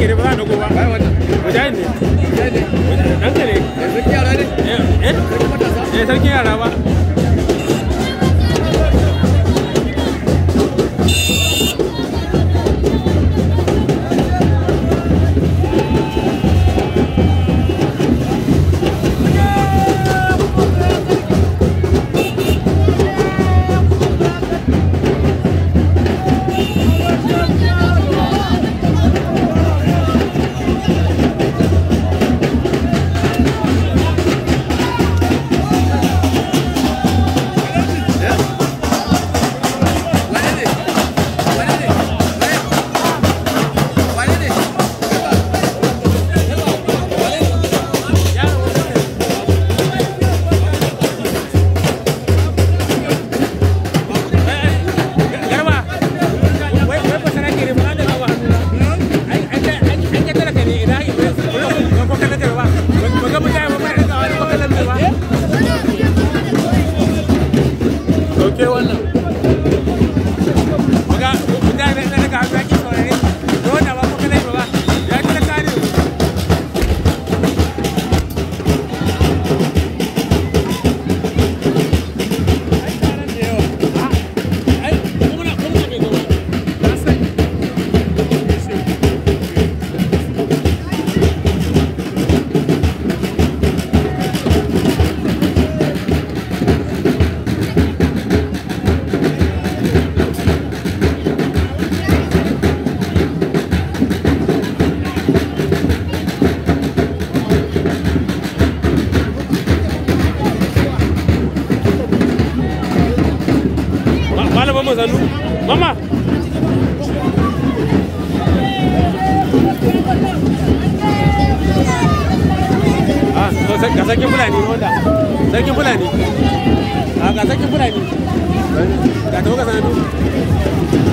ake ne ba za a dago ba ne ne yara ne eh, eh? eh yara meus alunos. Vamos lá. Ah, ga sarkin fulani wanda sarkin fulani a ga sarkin fulani ga tawo ga fazendo.